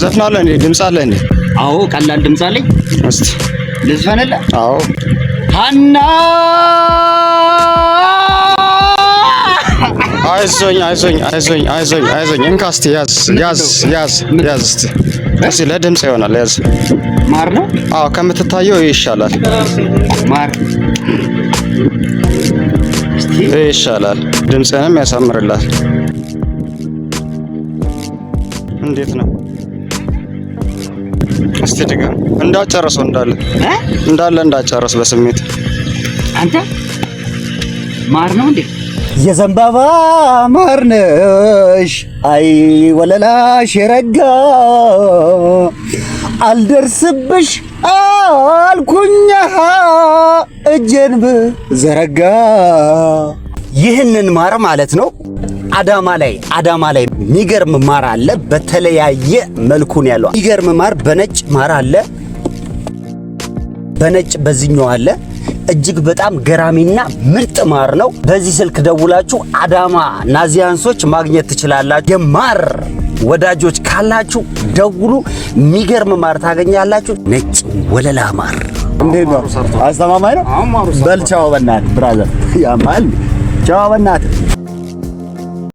ዘፍናለህ እንዴ? ድምጽ አለህ እንዴ? አዎ፣ ቀላል ድምጽ አለኝ። እስቲ ልዝፈንልህ? አዎ። ሀና አይዞኝ፣ አይዞኝ፣ አይዞኝ፣ አይዞኝ፣ አይዞኝ። እንካ እስቲ ያዝ፣ ያዝ፣ ያዝ፣ ያዝ። እስቲ እስቲ ለድምጽ ይሆናል። ያዝ። ማር ነው? አዎ፣ ከምትታየው ይሻላል። ማር ይሻላል። ድምፅህንም ያሳምርላል። እንዴት ነው? እስቲ ድገም። እንዳጨረሰው እንዳለ እንዳለ እንዳጨረሱ በስሜት አንተ ማር ነው እንዴ? የዘንባባ ነሽ አይ ወለላሽ የረጋ አልደርስብሽ አልኩኛ እጄን ብዘረጋ ይህንን ማር ማለት ነው አዳማ ላይ አዳማ ላይ የሚገርም ማር አለ። በተለያየ መልኩ ነው ያለው። የሚገርም ማር በነጭ ማር አለ፣ በነጭ በዚህኛው አለ። እጅግ በጣም ገራሚና ምርጥ ማር ነው። በዚህ ስልክ ደውላችሁ አዳማ ናዚያንሶች ማግኘት ትችላላችሁ። የማር ወዳጆች ካላችሁ ደውሉ። የሚገርም ማር ታገኛላችሁ። ነጭ ወለላ ማር እንዴት ነው? አስተማማኝ ነው። በል ቻው ብራዘር። ያማል ቻው በናትህ